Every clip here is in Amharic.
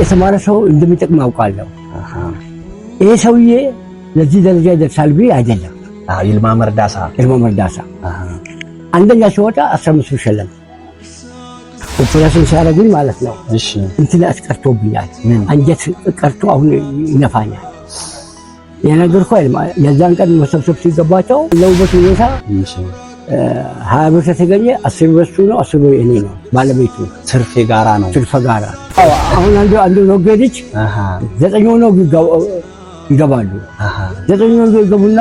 የተማረ ሰው እንደሚጠቅም አውቃለሁ። ይሄ ሰውዬ ለዚህ ደረጃ ይደርሳል ብዬ አይደለም። ይልማ መርዳሳ ይልማ መርዳሳ አንደኛ ሲወጣ አስራ አምስት ብር ሸለም ኦፕሬሽን ሲያደርጉኝ ማለት ነው። እሺ እንትን አስቀርቶብኛል፣ አንጀት ቀርቶ አሁን ይነፋኛል። የነገርኩህ የዛን ቀን መሰብሰብ ሲገባቸው ለውበት ሁኔታ ሀያ ብር ከተገኘ አስር በሱ ነው፣ አስር ብር እኔ ነው። ባለቤቱ ትርፌ ጋራ ነው፣ ትርፍ ጋራ። አሁን አንዱ አንዱ ነው ገድች ዘጠኝ ነው ይገባሉ። ዘጠኝ ነው ይገቡና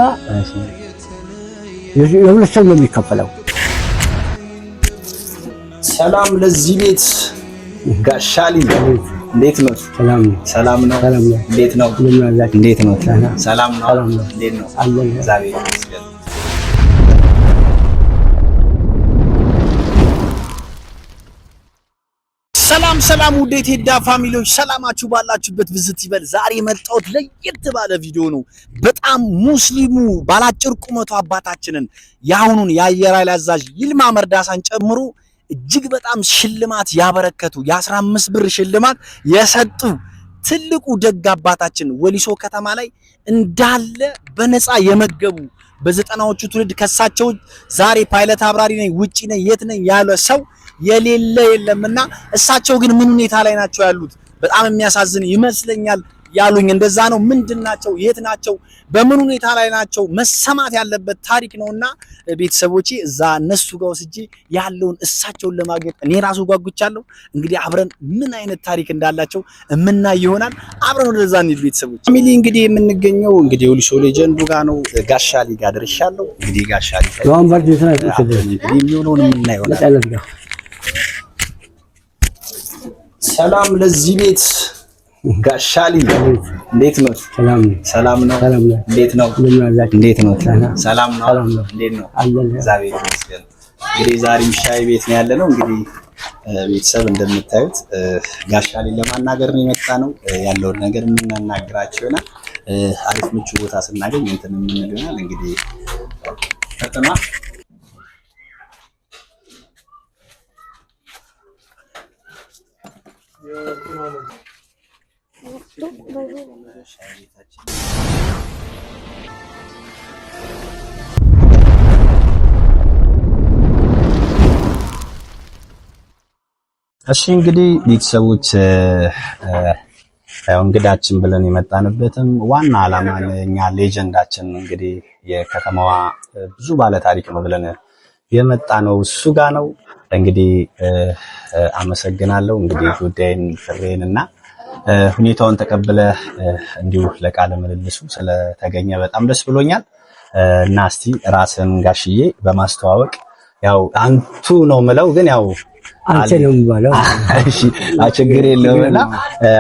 የሁለት ሰው ነው የሚከፈለው። ሰላም ለዚህ ቤት ጋሻሊ እንዴት ነው? ሰላም ነው። ሰላም ነው። እንዴት ነው? እንዴት ነው? ሰላም ነው። እንዴት ነው? እግዚአብሔር ይመስገን። ሰላም ሰላም ውዴ ቴዳ ፋሚሊዎች ሰላማችሁ ባላችሁበት ብዝት ይበል። ዛሬ የመጣሁት ለየት ባለ ቪዲዮ ነው። በጣም ሙስሊሙ ባላጭር ቁመቱ አባታችንን የአሁኑን የአየር ኃይል አዛዥ ይልማ መርዳሳን ጨምሮ እጅግ በጣም ሽልማት ያበረከቱ የ15 ብር ሽልማት የሰጡ ትልቁ ደግ አባታችን ወሊሶ ከተማ ላይ እንዳለ በነፃ የመገቡ በዘጠናዎቹ ትውልድ ከሳቸው ዛሬ ፓይለት አብራሪ ነኝ ውጪ ነኝ የት ነኝ ያለ ሰው የሌለ የለም እና እሳቸው ግን ምን ሁኔታ ላይ ናቸው ያሉት? በጣም የሚያሳዝን ይመስለኛል ያሉኝ እንደዛ ነው። ምንድን ናቸው? የት ናቸው? በምን ሁኔታ ላይ ናቸው? መሰማት ያለበት ታሪክ ነውና ቤተሰቦቼ እዛ እነሱ ጋር ወስጄ ያለውን እሳቸውን ለማግኘት እኔ ራሱ ጓጉቻለሁ። እንግዲህ አብረን ምን አይነት ታሪክ እንዳላቸው የምናይ ይሆናል። አብረን ወደዛ እንሂድ ቤተሰቦች። ፋሚሊ እንግዲህ የምንገኘው እንግዲህ ኦሊሶ ሌጀንዱ ጋር ነው። ጋሻሊ ጋር ደርሻለሁ። እንግዲህ ጋሻሊ የሚሆነውን የምናይ ይሆናል። ሰላም ለዚህ ቤት ጋሻሊ እንዴት ነው? ሰላም ነው። ሰላም ነው። እንዴት ነው? እንዴት ነው? ሰላም ነው። እንዴት ነው? እግዚአብሔር ይመስገን። እንግዲህ ዛሬም ሻይ ቤት ነው ያለ ነው። እንግዲህ ቤተሰብ እንደምታዩት ጋሻሊ ለማናገር ነው የመጣ ነው ያለውን ነገር የምናናግራቸው ይሆናል። አሪፍ ምቹ ቦታ ስናገኝ እንትን የምንል ይሆናል እንግዲህ ፈጥና እሺ እንግዲህ ቤተሰቦች እንግዳችን ብለን የመጣንበትም ዋና ዓላማ እኛ ሌጀንዳችን እንግዲህ የከተማዋ ብዙ ባለ ታሪክ ነው ብለን የመጣ ነው እሱ ጋ ነው። እንግዲህ አመሰግናለሁ። እንግዲህ ጉዳይን ፍሬን እና ሁኔታውን ተቀብለ እንዲሁ ለቃለ ምልልሱ ስለተገኘ በጣም ደስ ብሎኛል እና እስቲ ራስን ጋሽዬ በማስተዋወቅ ያው አንቱ ነው ምለው ግን ያው አንተ ነው የሚባለው። ችግር የለውም እና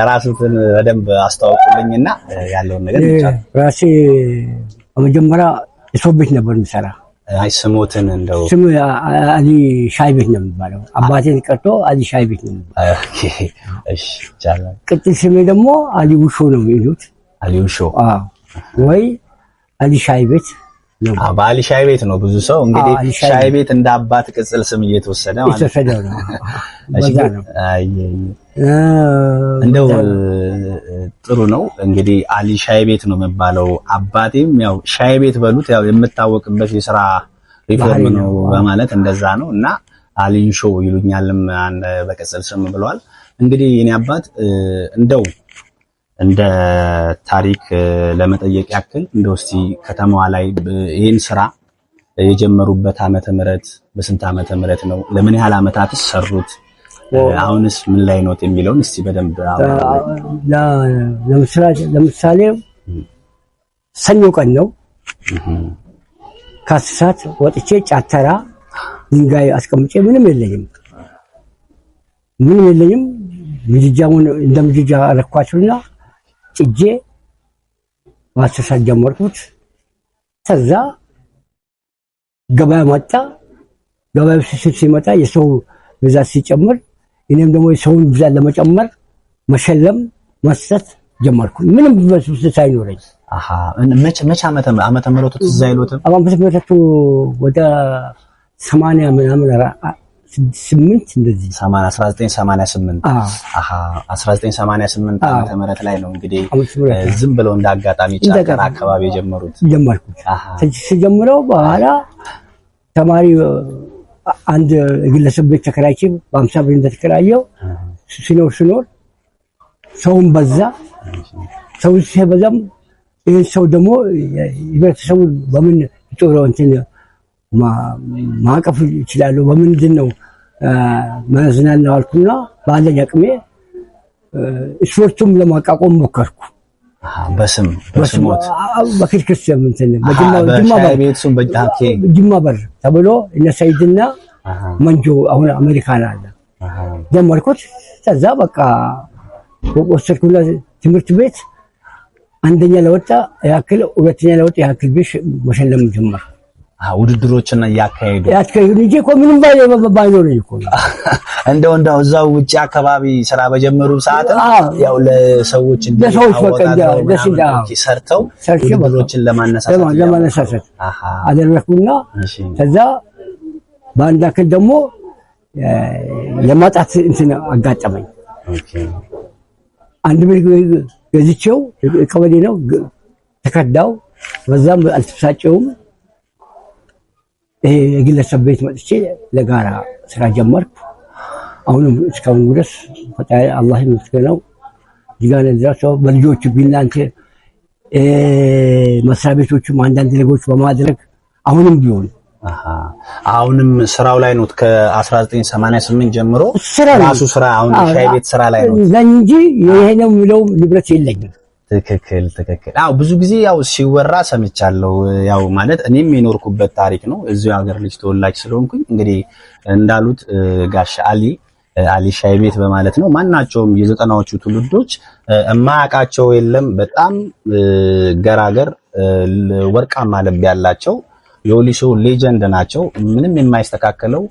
ራስህን በደንብ አስተዋውቁልኝና ያለውን ነገር ራሴ በመጀመሪያ የሰው ቤት ነበር የምሰራ አይ ስሞትን እንደው ስሙ አሊ ሻይ ቤት ነው የሚባለው። አባቴን ቀርቶ አሊ ሻይ ቤት ነው የሚባለው። ቅጥል ስሜ ደግሞ አሊ ውሾ ነው የሚሉት። አሊ ውሾ ወይ አሊ ሻይ ቤት ነው። በአሊ ሻይ ቤት ነው ብዙ ሰው እንግዲህ ሻይ ቤት እንደ አባት ቅጽል ስም እየተወሰደ ማለት ነው። እሺ እንደው ጥሩ ነው እንግዲህ አሊ ሻይ ቤት ነው የሚባለው። አባቴም ያው ሻይ ቤት በሉት ያው የምታወቅበት የስራ ሪፎርም ነው በማለት እንደዛ ነው እና አሊን ሾ ይሉኛልም በቅጽል ስም ብለዋል። እንግዲህ የኔ አባት እንደው እንደ ታሪክ ለመጠየቅ ያክል እንደው እስቲ ከተማዋ ላይ ይህን ስራ የጀመሩበት ዓመተ ምህረት በስንት ዓመተ ምህረት ነው? ለምን ያህል ዓመታትስ ሰሩት? አሁንስ ምን ላይ ነው የሚለውን እስቲ በደንብ ለምሳሌ ሰኞ ቀን ነው። ከአስር ሰዓት ወጥቼ ጫተራ ድንጋይ አስቀምጬ ምንም የለኝም፣ ምንም የለኝም። ምድጃውን እንደ ምድጃ አረኳችሁና ጭጄ በአስር ሰዓት ጀመርኩት። ከዛ ገበያ መጣ። ገበያ ሲመጣ የሰው ብዛት ሲጨምር እኔም ደግሞ የሰውን ብዛት ለመጨመር መሸለም መስጠት ጀመርኩ። ምንም በስብስ ሳይኖረኝ መቼ ዓመተ ትዝ አይሎትም? ወደ ሰማንያ ምናምን ስምንት እንደዚህ አስራ ዘጠኝ ሰማንያ ስምንት አስራ ዘጠኝ ሰማንያ ስምንት ዓመተ ላይ ነው እንግዲህ ዝም ብለው እንደ አጋጣሚ አካባቢ የጀመሩት ጀመርኩ። ስጀምረው በኋላ ተማሪ አንድ ግለሰብ ቤት ተከራይቼ በአምሳ ብር እንደተከራየው ሲኖር ሲኖር ሰውን በዛ ሰው ሲበዛም ይህን ሰው ደግሞ ህብረተሰቡ በምን ጦሮ እንትን ማቀፍ ይችላሉ? በምንድን ነው መዝናናው አልኩና ባለኝ አቅሜ ስፖርቱም ለማቋቋም ሞከርኩ። በስም በስሞት በፊት ክርስቲያን እንትን በጅማ በር ተብሎ እነ ሰይድና መንጆ አሁን አሜሪካን አለ ጀመርኩት። ከዛ በቃ ወሰድኩና ትምህርት ቤት አንደኛ ለወጣ ያክል ሁለተኛ ለወጣ ያክል ብሽ መሸለም ጀመርኩ። ውድድሮችን እያካሄዱ ያካሄዱ ምንም ባይኖር እኮ እንደው እንደው እዛው ውጭ አካባቢ ስራ በጀመሩ ሰዓት ያው ለሰዎች ሰርተው ውድድሮችን ለማነሳሳት ከዛ በአንድ አክል ደግሞ የማጣት እንትን አጋጠመኝ። አንድ ብር ገዝቼው ቀበሌ ነው ተከዳው። በዛም የግለሰብ ቤት መጥቼ ለጋራ ስራ ጀመርኩ። አሁንም እስካሁን ድረስ ፈጣሪ አላህ ይመስገነው ዲጋነ ድረሰው በልጆቹ ቢላንቴ መስሪያ ቤቶቹም አንዳንድ ዜጎች በማድረግ አሁንም ቢሆን አሁንም ስራው ላይ ነው። ከ1988 ጀምሮ ራሱ ስራ አሁን ሻይ ቤት ስራ ላይ ነው ለእንጂ ይሄ ነው የሚለው ንብረት የለኝም። ትክክል ትክክል። አዎ ብዙ ጊዜ ያው ሲወራ ሰምቻለሁ። ያው ማለት እኔም የኖርኩበት ታሪክ ነው። እዚሁ ሀገር ልጅ ተወላጅ ስለሆንኩኝ እንግዲህ እንዳሉት ጋሽ አሊ አሊ ሻይቤት በማለት ነው። ማናቸውም የዘጠናዎቹ ትውልዶች እማያውቃቸው የለም። በጣም ገራገር ወርቃማ ልብ ያላቸው የወሊሶ ሌጀንድ ናቸው። ምንም የማይስተካከለው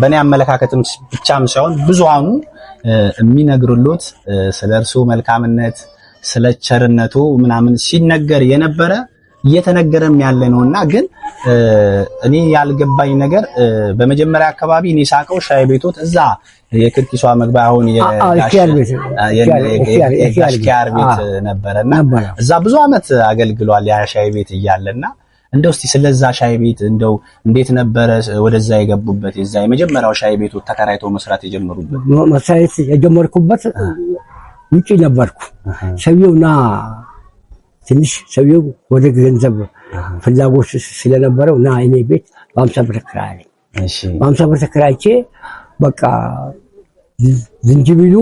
በእኔ አመለካከትም ብቻም ሳይሆን ብዙሃኑ የሚነግሩሉት ስለ እርሱ መልካምነት ስለ ቸርነቱ ምናምን ሲነገር የነበረ እየተነገረም ያለ ነውና፣ ግን እኔ ያልገባኝ ነገር በመጀመሪያ አካባቢ እኔ ሳቀው ሻይ ቤቶት እዛ የክርኪሷ መግቢያ አሁን የጋሽኪያር ቤት ነበረና እዛ ብዙ ዓመት አገልግሏል ያ ሻይ ቤት እያለና እንደው እስቲ ስለዛ ሻይ ቤት እንደው እንዴት ነበረ ወደዛ የገቡበት? የዛ የመጀመሪያው ሻይ ቤቱ ተከራይቶ መስራት የጀመሩበት መስራት የጀመርኩበት ውጪ ነበርኩ። ሰውየውና ትንሽ ሰውየው ወደ ገንዘብ ፍላጎት ስለነበረው ና እኔ ቤት በአምሳ ብር ተከራይ በአምሳ ብር ተከራይቼ በቃ ዝንጅቢሉ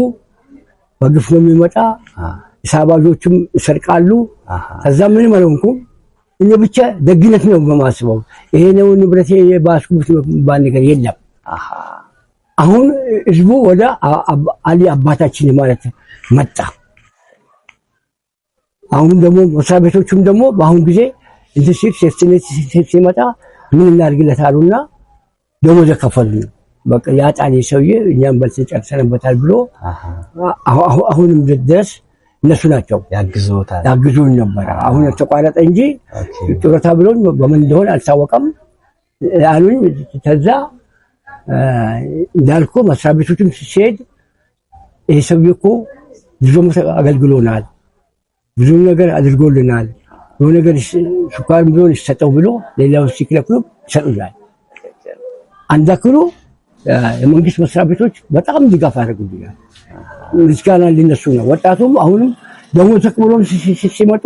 በግፍ ነው የሚመጣ፣ ሳባዦቹም ይሰርቃሉ። ከዛ ምንም አልሆንኩም። እኔ ብቻ ደግነት ነው በማስበው ይሄ ነው ንብረቴ የባስኩት ባል ነገር የለም። አሁን ህዝቡ ወደ አሊ አባታችን ማለት መጣ። አሁን ደግሞ መስሪያ ቤቶቹም ደግሞ በአሁን ጊዜ ኢንተንሲቭ ሴፍቲኔት ሲመጣ ምን እናድርግለት አሉና ደሞዝ ከፈሉ። በቃ ያጣኔ ሰውዬ እኛም በልተን ጨርሰንበታል ብሎ አሁንም ድረስ እነሱ ናቸው ያግዙታል ያግዙን ነበረ። አሁን ተቋረጠ እንጂ ጡረታ ብሎኝ በምን እንደሆነ አልታወቀም አሉኝ። ተዛ እንዳልኩ መስሪያ ቤቶችም ሲሄድ ይሄ ሰውዬ እኮ ብዙ አገልግሎናል፣ ብዙ ነገር አድርጎልናል፣ ብዙ ነገር ስኳር ቢሆን ይሰጠው ብሎ ሌላው ሲክለክሉ ይሰጡላል አንዳክሉ የመንግስት መስሪያ ቤቶች በጣም ድጋፍ አድርጉብኛል። ምስጋና ሊነሱ ነው። ወጣቱም አሁንም ደግሞ ተቅብሎም ሲመጡ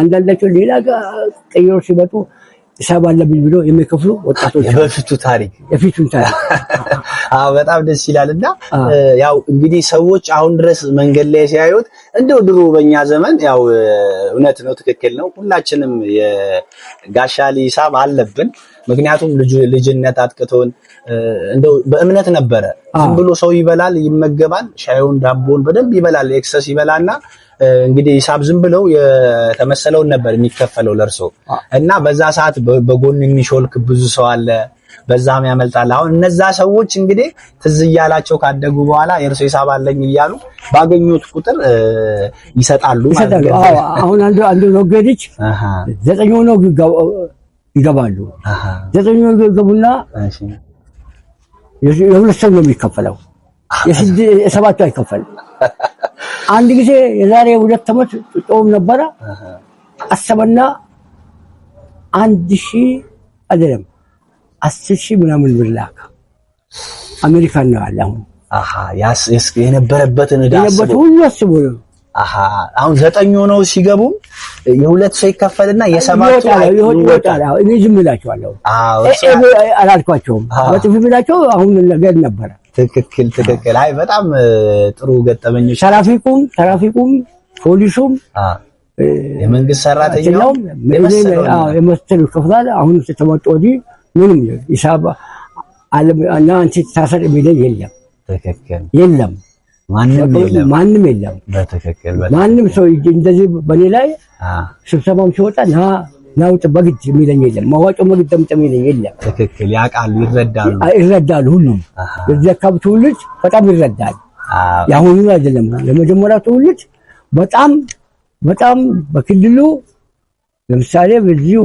አንዳንዳቸው ሌላ ቀይሮ ሲመጡ ሂሳብ አለብኝ ብሎ የሚከፍሉ ወጣቶች በፊቱ ታሪክ የፊቱ ታሪክ በጣም ደስ ይላል። እና ያው እንግዲህ ሰዎች አሁን ድረስ መንገድ ላይ ሲያዩት እንደው ድሮ በእኛ ዘመን ያው እውነት ነው፣ ትክክል ነው። ሁላችንም የጋሻ ሂሳብ አለብን ምክንያቱም ልጅነት አጥቅቶን እንደው በእምነት ነበረ። ዝም ብሎ ሰው ይበላል፣ ይመገባል፣ ሻዩን ዳቦን በደንብ ይበላል። ኤክሰስ ይበላና እንግዲህ ሂሳብ ዝም ብለው የተመሰለውን ነበር የሚከፈለው ለእርሶ እና በዛ ሰዓት በጎን የሚሾልክ ብዙ ሰው አለ። በዛም ያመልጣል። አሁን እነዛ ሰዎች እንግዲህ ትዝ እያላቸው ካደጉ በኋላ የእርሶ ሂሳብ አለኝ እያሉ ባገኙት ቁጥር ይሰጣሉ ማለት ነው። አሁን አንዱ ነገዲች ዘጠኝ ሆኖ ይገባሉ። ዘጠኝ ወንዶ ይገቡና የሁለት ሰው ነው የሚከፈለው፣ የሰባቱ አይከፈልም። አንድ ጊዜ የዛሬ ሁለት ዓመት ጦም ነበረ። አሰበና አንድ ሺህ አይደለም አስር ሺህ ምናምን ብር ላከ። አሜሪካን ነው ያለ አሁን የነበረበትን ሁሉ አስቦ ነው አሁን ዘጠኝ ሆነው ሲገቡም የሁለት ሰው ይከፈልና የሰባቱ ይወጣል። እኔ ዝም እላቸዋለሁ፣ አላልኳቸውም። በጥፊ ብላቸው አሁን ነገር ነበረ። ትክክል ትክክል። አይ በጣም ጥሩ ገጠመኞች። ትራፊኩም ትራፊኩም ፖሊሱም የመንግስት ሰራተኛውም የመስተል ክፍላል። አሁን ስትመጡ ወዲህ ምንም ሂሳብ እና አንቺ ታሰር የሚለኝ የለም የለም ማንም የለም፣ ማንም ሰው እንደዚህ በኔ ላይ ስብሰባም ሲወጣ ና ናውጥ በግድ የሚለኝ የለም። መዋጮ ምጥ የሚለኝ የለም። ትክክል ያውቃሉ፣ ይረዳሉ፣ ይረዳሉ። ሁሉም የዚህ አካባቢ ትውልድ በጣም ይረዳል። የአሁኑ አይደለም፣ ለመጀመሪያ ትውልድ በጣም በጣም በክልሉ ለምሳሌ በዚህ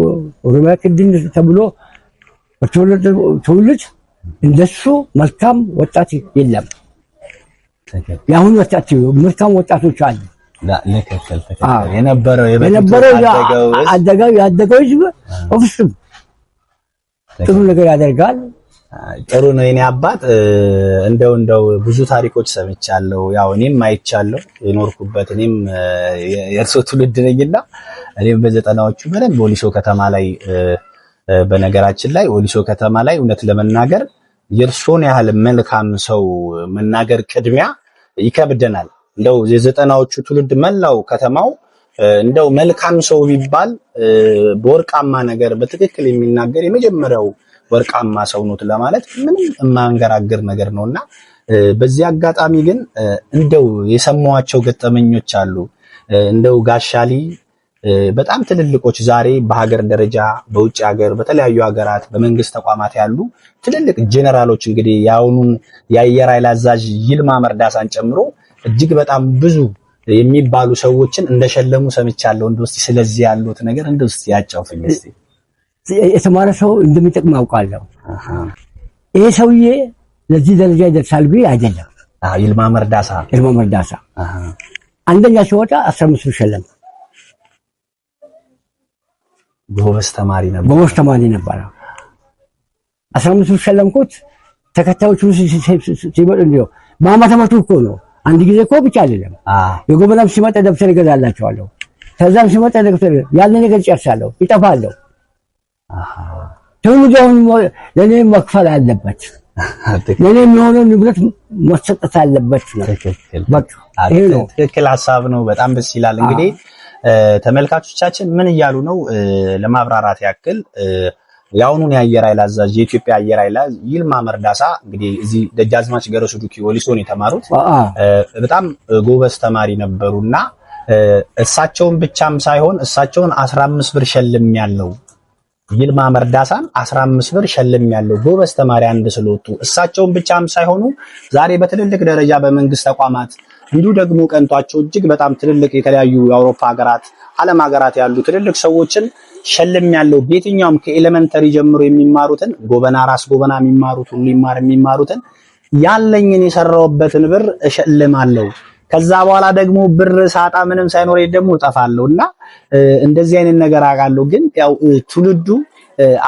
ኦሮሚያ ክልል ተብሎ በትውልድ እንደሱ መልካም ወጣት የለም። የአሁኑ ወጣቸው መልካም ወጣቶች አሉ። ለከተል የነበረው ያደገው ህዝብ በፍጹም ጥሩ ነገር ያደርጋል። ጥሩ ነው። የኔ አባት እንደው እንደው ብዙ ታሪኮች ሰምቻለሁ። ያው እኔም አይቻለሁ የኖርኩበት እኔም የእርሶ ትውልድ ነኝና እኔም በዘጠናዎቹ በደንብ ወሊሶ ከተማ ላይ በነገራችን ላይ ወሊሶ ከተማ ላይ እውነት ለመናገር የእርሶን ያህል መልካም ሰው መናገር ቅድሚያ ይከብደናል። እንደው የዘጠናዎቹ ትውልድ መላው ከተማው እንደው መልካም ሰው ቢባል በወርቃማ ነገር በትክክል የሚናገር የመጀመሪያው ወርቃማ ሰው ኖት ለማለት ምንም የማንገራግር ነገር ነውና በዚህ አጋጣሚ ግን እንደው የሰማኋቸው ገጠመኞች አሉ። እንደው ጋሻሊ በጣም ትልልቆች ዛሬ በሀገር ደረጃ በውጭ ሀገር በተለያዩ ሀገራት በመንግስት ተቋማት ያሉ ትልልቅ ጄኔራሎች እንግዲህ የአሁኑን የአየር ኃይል አዛዥ ይልማ መርዳሳን ጨምሮ እጅግ በጣም ብዙ የሚባሉ ሰዎችን እንደሸለሙ ሰምቻለሁ። እንደ ውስጥ ስለዚህ ያሉት ነገር እንደ ውስጥ ያጫውቱኝ። የተማረ ሰው እንደሚጠቅም አውቃለሁ። ይሄ ሰውዬ ለዚህ ደረጃ ይደርሳል ብዬ አይደለም። ይልማ መርዳሳ ይልማ መርዳሳ አንደኛ ሲወጣ አስራ አምስት ሸለም ጎበዝ ተማሪ ነበር። ጎበዝ ተማሪ ነበር። አስራ አምስት ሸለምኩት። ተከታዮቹ ሲመጡ እንዲያው እኮ ነው። አንድ ጊዜ እኮ ብቻ አይደለም። የጎበናም ሲመጣ ደብተር እገዛላቸዋለሁ። ከዛም ሲመጣ ደብተር ያለ ነገር ጨርሳለሁ፣ ይጠፋለሁ። ለእኔ መክፈል አለበት፣ ለእኔ የሚሆነው ንብረት መሰጠት አለበት። ትክክል ሀሳብ ነው። በጣም ደስ ይላል እንግዲህ ተመልካቾቻችን ምን እያሉ ነው? ለማብራራት ያክል የአሁኑን የአየር ኃይል አዛዥ የኢትዮጵያ አየር ኃይል ይልማ መርዳሳ እንግዲህ እዚህ ደጃዝማች ገረ ሱዱኪ ወሊሶን የተማሩት በጣም ጎበዝ ተማሪ ነበሩና እሳቸውን ብቻም ሳይሆን እሳቸውን 15 ብር ሸልም ያለው ይልማ መርዳሳን 15 ብር ሸልም ያለው ጎበዝ ተማሪ አንድ ስለወጡ እሳቸውን ብቻም ሳይሆኑ ዛሬ በትልልቅ ደረጃ በመንግስት ተቋማት እንዲሁ ደግሞ ቀንቷቸው እጅግ በጣም ትልልቅ የተለያዩ የአውሮፓ ሀገራት ዓለም ሀገራት ያሉ ትልልቅ ሰዎችን ሸልም ያለው በየትኛውም ከኤሌመንተሪ ጀምሮ የሚማሩትን ጎበና ራስ ጎበና የሚማሩት ሁሉ ይማር የሚማሩትን ያለኝን የሰራውበትን ብር እሸልማለሁ። ከዛ በኋላ ደግሞ ብር ሳጣ ምንም ሳይኖር ደግሞ እጠፋለሁ እና እንደዚህ አይነት ነገር አውቃለሁ። ግን ያው ትውልዱ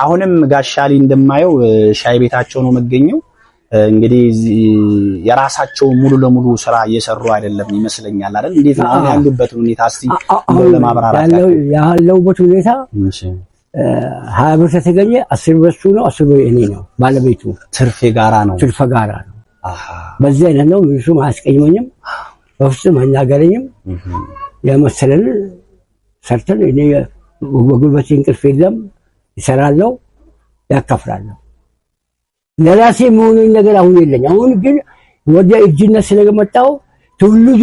አሁንም ጋሻሊ እንደማየው ሻይ ቤታቸው ነው መገኘው እንግዲህ የራሳቸው ሙሉ ለሙሉ ስራ እየሰሩ አይደለም ይመስለኛል አይደል? እንዴት ነው ያሉበትን ሁኔታ እስቲ ለማብራራት ያለሁበት ሁኔታ ሀያ ብር ተገኘ አስር ብር እሱ ነው አስር ብር እኔ ነው ባለቤቱ ትርፍ ጋራ ነው ትርፍ ጋራ ነው። በዚህ አይነት ነው ምንም አያስቀይመኝም፣ በፍጹም አይናገረኝም። የመሰለን ሰርተን እኔ በጉልበቴ እንቅልፍ የለም ይሰራለው ያካፍላለሁ ለራሴ የመሆኑኝ ነገር አሁን የለኝ። አሁን ግን ወደ እጅነት ስለመጣው ትውልዱ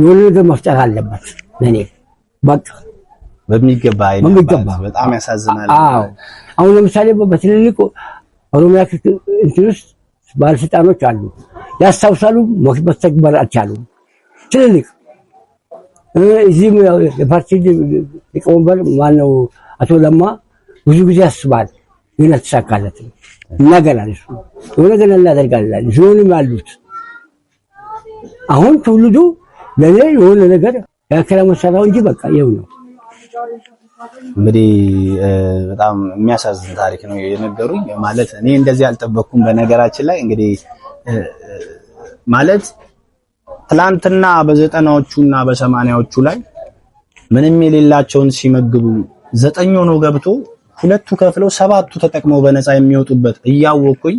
የሆነ ነገር መፍጠር አለበት። ለኔ በቃ በሚገባ በሚገባ በጣም ያሳዝናል። አሁን ለምሳሌ በትልልቅ ኦሮሚያ እንትን ውስጥ ባለስልጣኖች አሉ፣ ያስታውሳሉ፣ መተግበር አልቻሉም። ትልልቅ እዚህም የፓርቲ ሊቀመንበር ማነው አቶ ለማ ብዙ ጊዜ ያስባል፣ ግን አልተሳካለትም። እናገናል እሱ የሆነ ገና እናደርጋለን። ዞንም አሉት አሁን ትውልዱ ለእኔ የሆነ ነገር ያከራሙ ሰራው እንጂ በቃ ይኸው ነው። እንግዲህ በጣም የሚያሳዝን ታሪክ ነው የነገሩኝ። ማለት እኔ እንደዚህ አልጠበኩም። በነገራችን ላይ እንግዲህ ማለት ትላንትና በዘጠናዎቹ እና በሰማንያዎቹ ላይ ምንም የሌላቸውን ሲመግቡ ዘጠኝ ሆኖ ገብቶ ሁለቱ ከፍለው ሰባቱ ተጠቅመው በነፃ የሚወጡበት እያወቁኝ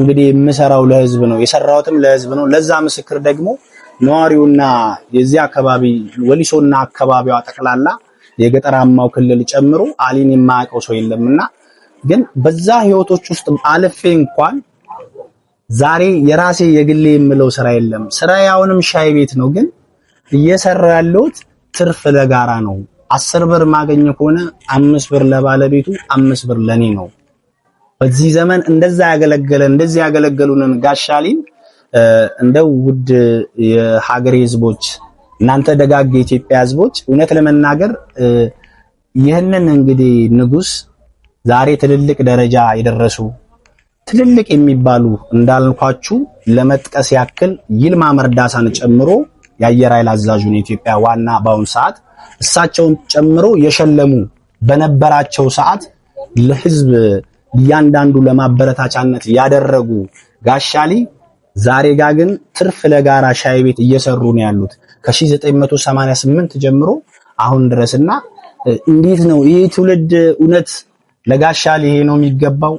እንግዲህ የምሰራው ለህዝብ ነው፣ የሰራሁትም ለህዝብ ነው። ለዛ ምስክር ደግሞ ነዋሪውና የዚህ አካባቢ ወሊሶና አካባቢዋ ጠቅላላ የገጠራማው ክልል ጨምሮ አሊን የማያውቀው ሰው የለምና ግን በዛ ህይወቶች ውስጥ አልፌ እንኳን ዛሬ የራሴ የግሌ የምለው ስራ የለም። ስራ ያውንም ሻይ ቤት ነው። ግን እየሰራ ያለሁት ትርፍ ለጋራ ነው። አስር ብር ማገኘ ከሆነ አምስት ብር ለባለቤቱ አምስት ብር ለኔ ነው። በዚህ ዘመን እንደዛ ያገለገለ እንደዚህ ያገለገሉንን ጋሻሊን እንደው ውድ የሀገሬ ህዝቦች፣ እናንተ ደጋግ የኢትዮጵያ ህዝቦች እውነት ለመናገር ይህንን እንግዲህ ንጉስ ዛሬ ትልልቅ ደረጃ የደረሱ ትልልቅ የሚባሉ እንዳልኳችሁ ለመጥቀስ ያክል ይልማ መርዳሳን ጨምሮ የአየር ኃይል አዛዡን የኢትዮጵያ ዋና በአሁኑ ሰዓት እሳቸውን ጨምሮ የሸለሙ በነበራቸው ሰዓት ለህዝብ እያንዳንዱ ለማበረታቻነት ያደረጉ ጋሻሊ ዛሬ ጋ ግን ትርፍ ለጋራ ሻይ ቤት እየሰሩ ነው ያሉት ከ1988 ጀምሮ አሁን ድረስና እንዴት ነው ይህ ትውልድ እውነት ለጋሻሊ ይሄ ነው የሚገባው?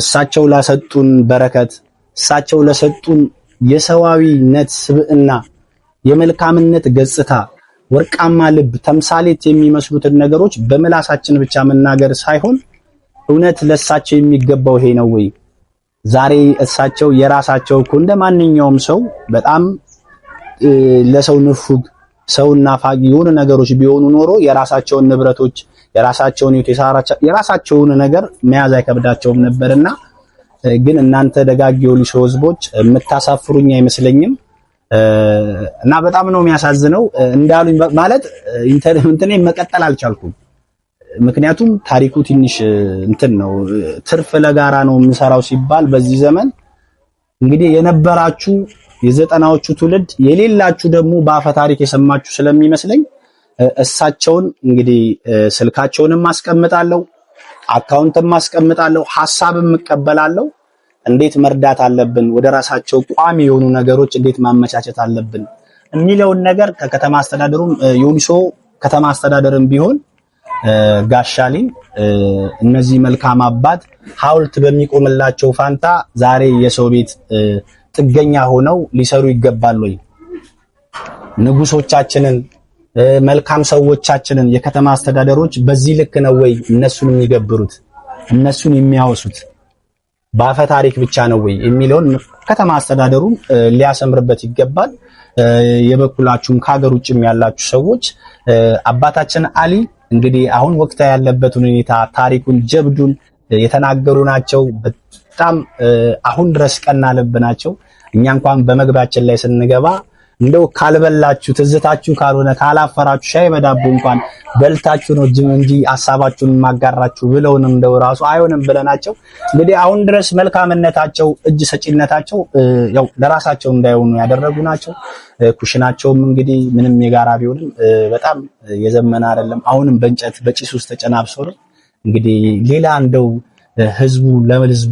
እሳቸው ላሰጡን በረከት እሳቸው ለሰጡን የሰዋዊነት ስብዕና የመልካምነት ገጽታ ወርቃማ ልብ ተምሳሌት የሚመስሉትን ነገሮች በምላሳችን ብቻ መናገር ሳይሆን እውነት ለእሳቸው የሚገባው ይሄ ነው ወይ? ዛሬ እሳቸው የራሳቸው እኮ እንደ ማንኛውም ሰው በጣም ለሰው ንፉግ ሰውና ፋጊ የሆኑ ነገሮች ቢሆኑ ኖሮ የራሳቸውን ንብረቶች የራሳቸውን የራሳቸውን ነገር መያዝ አይከብዳቸውም ነበርና፣ ግን እናንተ ደጋግ የሆኑ የወሊሶ ህዝቦች የምታሳፍሩኝ አይመስለኝም። እና በጣም ነው የሚያሳዝነው። እንዳሉኝ ማለት እንትን መቀጠል አልቻልኩም። ምክንያቱም ታሪኩ ትንሽ እንትን ነው። ትርፍ ለጋራ ነው የምንሰራው ሲባል በዚህ ዘመን እንግዲህ የነበራችሁ የዘጠናዎቹ ትውልድ የሌላችሁ ደግሞ በአፈ ታሪክ የሰማችሁ ስለሚመስለኝ እሳቸውን እንግዲህ ስልካቸውንም አስቀምጣለሁ፣ አካውንትም አስቀምጣለሁ፣ ሀሳብም እቀበላለሁ። እንዴት መርዳት አለብን፣ ወደ ራሳቸው ቋሚ የሆኑ ነገሮች እንዴት ማመቻቸት አለብን የሚለውን ነገር ከከተማ አስተዳደሩም ዮኒሶ ከተማ አስተዳደርም ቢሆን ጋሻሊን እነዚህ መልካም አባት ሐውልት በሚቆምላቸው ፋንታ ዛሬ የሰው ቤት ጥገኛ ሆነው ሊሰሩ ይገባል ወይ? ንጉሶቻችንን መልካም ሰዎቻችንን የከተማ አስተዳደሮች በዚህ ልክ ነው ወይ እነሱን የሚገብሩት እነሱን የሚያወሱት? በአፈ ታሪክ ብቻ ነው ወይ የሚለውን ከተማ አስተዳደሩም ሊያሰምርበት ይገባል። የበኩላችሁም ከሀገር ውጭም ያላችሁ ሰዎች አባታችን አሊ እንግዲህ አሁን ወቅታ ያለበትን ሁኔታ ታሪኩን፣ ጀብዱን የተናገሩ ናቸው። በጣም አሁን ድረስ ቀና ልብ ናቸው። እኛ እንኳን በመግቢያችን ላይ ስንገባ እንደው ካልበላችሁ ትዝታችሁ ካልሆነ ካላፈራችሁ ሻይ በዳቦ እንኳን በልታችሁ ነው እንጂ ሀሳባችሁን ማጋራችሁ ብለውንም እንደው ራሱ አይሆንም ብለናቸው እንግዲህ አሁን ድረስ መልካምነታቸው እጅ ሰጪነታቸው ያው ለራሳቸው እንዳይሆኑ ያደረጉ ናቸው። ኩሽናቸውም እንግዲህ ምንም የጋራ ቢሆንም በጣም የዘመነ አይደለም። አሁንም በእንጨት በጭስ ውስጥ ተጨናብሶ ነው እንግዲህ ሌላ እንደው ህዝቡ ለህዝቡ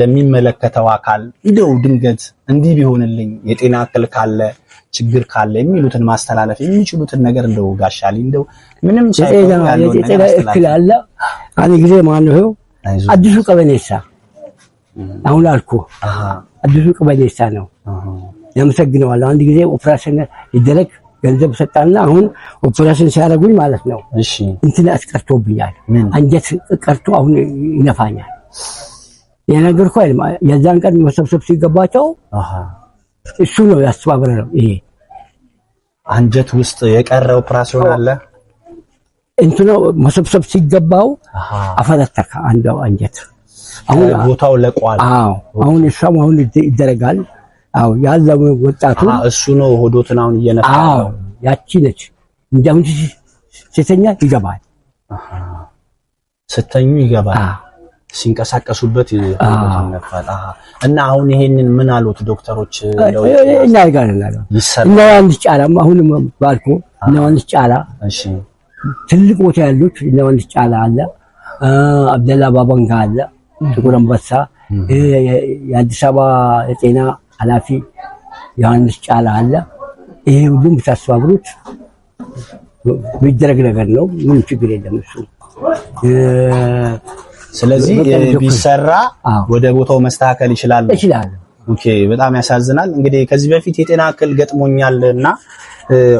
ለሚመለከተው አካል እንደው ድንገት እንዲህ ቢሆንልኝ የጤና እክል ካለ ችግር ካለ የሚሉትን ማስተላለፍ የሚችሉትን ነገር እንደው ጋሻሊ እንደው ምንም የጤና እክል አለ። አንድ ጊዜ ማነው አዲሱ ቀበኔሳ አሁን አልኩ አዲሱ ቀበኔሳ ነው ያመሰግነዋለሁ። አንድ ጊዜ ኦፕሬሽን ይደረግ ገንዘብ ሰጣና አሁን ኦፕሬሽን ሲያደርጉኝ ማለት ነው እንትን አስቀርቶብኛል። አንጀት ቀርቶ አሁን ይነፋኛል። የነገር አይልም። የዛን ቀን መሰብሰብ ሲገባቸው እሱ ነው ያስተባበረ ነው። ይሄ አንጀት ውስጥ የቀረው ኦፕራሲዮን አለ እንትኑ መሰብሰብ ሲገባው አፈረተካ አንደው አንጀት አሁን ቦታው ለቋል። አዎ አሁን እሷም አሁን ይደረጋል። አዎ ያዘው ወጣቱ እሱ ነው ሆዶትን አሁን እየነሳ አዎ ያቺ ነች እንደምን አሁን ሴተኛ ይገባል። ስተኙ ይገባል ሲንቀሳቀሱበት ነበር እና አሁን ይሄንን ምን አሉት ዶክተሮች? እኛ ጋር እና አንዲት ጫላም አሁንም ባልኮ እና አንዲት ጫላ ትልቅ ቦታ ያሉት እና አንዲት ጫላ አለ፣ አብደላ ባባንጋ አለ፣ ጥቁር አንበሳ፣ የአዲስ አበባ የጤና ኃላፊ ዮሐንስ ጫላ አለ። ይሄ ሁሉም ብታስተባብሩት የሚደረግ ነገር ነው። ምን ችግር የለም እሱ ስለዚህ ቢሰራ ወደ ቦታው መስተካከል ይችላል ይችላል። ኦኬ፣ በጣም ያሳዝናል። እንግዲህ ከዚህ በፊት የጤና እክል ገጥሞኛል እና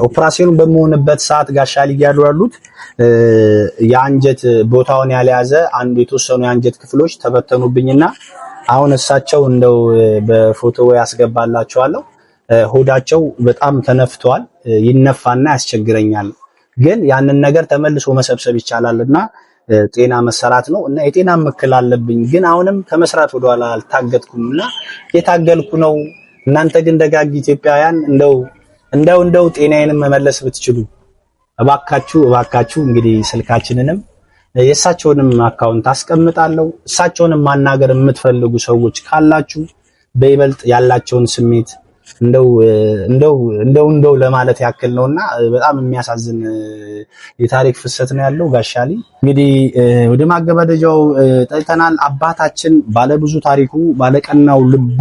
ኦፕራሲዮን በመሆንበት ሰዓት ጋሻ ሊግ ያሉ ያሉት የአንጀት ቦታውን ያልያዘ አንድ የተወሰኑ የአንጀት ክፍሎች ተበተኑብኝና አሁን እሳቸው እንደው በፎቶ ያስገባላቸዋለሁ። ሆዳቸው በጣም ተነፍተዋል። ይነፋና ያስቸግረኛል፣ ግን ያንን ነገር ተመልሶ መሰብሰብ ይቻላል እና ጤና መሰራት ነው እና የጤና ምክል አለብኝ፣ ግን አሁንም ከመስራት ወደኋላ አልታገጥኩም እና የታገልኩ ነው። እናንተ ግን ደጋግ ኢትዮጵያውያን እንደው እንደው እንደው ጤናዬንም መመለስ ብትችሉ እባካችሁ እባካችሁ። እንግዲህ ስልካችንንም የእሳቸውንም አካውንት አስቀምጣለሁ። እሳቸውንም ማናገር የምትፈልጉ ሰዎች ካላችሁ በይበልጥ ያላቸውን ስሜት እንደው እንደው ለማለት ያክል ነውና በጣም የሚያሳዝን የታሪክ ፍሰት ነው ያለው። ጋሻሊ እንግዲህ ወደ ማገባደጃው ጠይተናል። አባታችን ባለብዙ ታሪኩ ባለቀናው ልቡ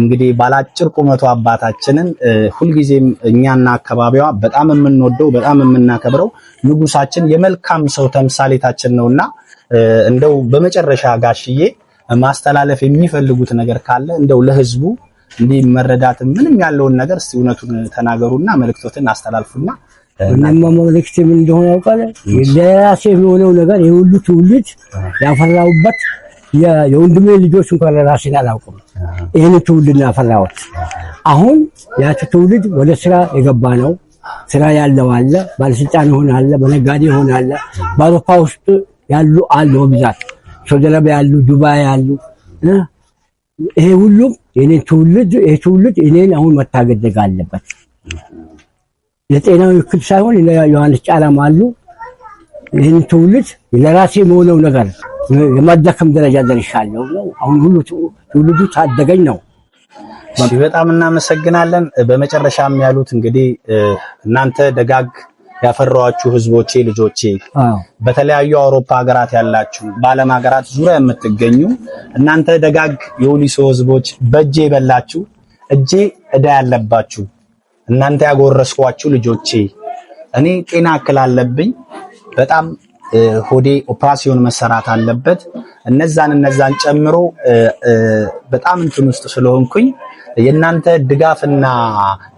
እንግዲህ ባላጭር ቁመቱ አባታችንን ሁልጊዜም እኛና አካባቢዋ በጣም የምንወደው በጣም የምናከብረው ንጉሳችን የመልካም ሰው ተምሳሌታችን ነውና እንደው በመጨረሻ ጋሽዬ ማስተላለፍ የሚፈልጉት ነገር ካለ እንደው ለህዝቡ እኔ መረዳት ምንም ያለውን ነገር እስቲ እውነቱን ተናገሩና መልእክቶትን አስተላልፉና እኔማ መልእክቴ ምን እንደሆነ ያውቃል። ለራሴ የሆነው ነገር የሁሉ ትውልድ ያፈራውበት የወንድሜ ልጆች እንኳን ለራሴን አላውቅም። ይህን ትውልድ ያፈራሁት አሁን ያቺ ትውልድ ወደ ስራ የገባ ነው። ስራ ያለው አለ፣ ባለስልጣን ይሆን አለ፣ በነጋዴ ይሆን አለ፣ በአውሮፓ ውስጥ ያሉ አለ፣ በብዛት ሳውዲ አረቢያ ያሉ፣ ዱባይ ያሉ ይሄ ሁሉም የኔ ትውልድ ይህ ትውልድ እኔን አሁን መታገደግ አለበት። ለጤናዊ እክል ሳይሆን ዮሐንስ ጫላም አሉ። ይህን ትውልድ ለራሴ መሆነው ነገር የማዳከም ደረጃ ደርሻለሁ ነው። አሁን ሁሉ ትውልዱ ታደገኝ ነው። በጣም እናመሰግናለን። በመጨረሻም ያሉት እንግዲህ እናንተ ደጋግ ያፈራኋችሁ ህዝቦቼ ልጆቼ፣ በተለያዩ አውሮፓ ሀገራት ያላችሁ በዓለም ሀገራት ዙሪያ የምትገኙ እናንተ ደጋግ የሁሊሶ ህዝቦች፣ በእጄ የበላችሁ እጄ እዳ ያለባችሁ እናንተ ያጎረስኳችሁ ልጆቼ፣ እኔ ጤና እክል አለብኝ፣ በጣም ሆዴ ኦፕራሲዮን መሰራት አለበት። እነዛን እነዛን ጨምሮ በጣም እንትን ውስጥ ስለሆንኩኝ የእናንተ ድጋፍና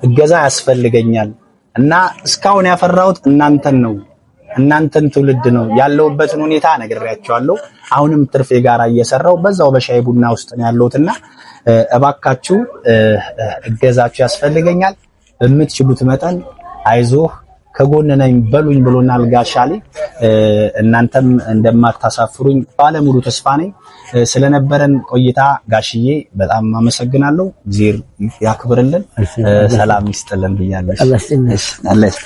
እገዛ ያስፈልገኛል እና እስካሁን ያፈራሁት እናንተን ነው፣ እናንተን ትውልድ ነው። ያለውበትን ሁኔታ ነግሬያቸዋለሁ። አሁንም ትርፌ ጋራ እየሰራው በዛው በሻይ ቡና ውስጥ ነው ያለሁትና እባካችሁ እገዛችሁ ያስፈልገኛል። በምትችሉት መጠን አይዞህ ከጎን ነኝ በሉኝ ብሎናል ጋሻሌ። እናንተም እንደማታሳፍሩኝ ባለሙሉ ተስፋ ነኝ። ስለነበረን ቆይታ ጋሽዬ በጣም አመሰግናለሁ። እግዜር ያክብርልን፣ ሰላም ይስጥልን ብያለሁ።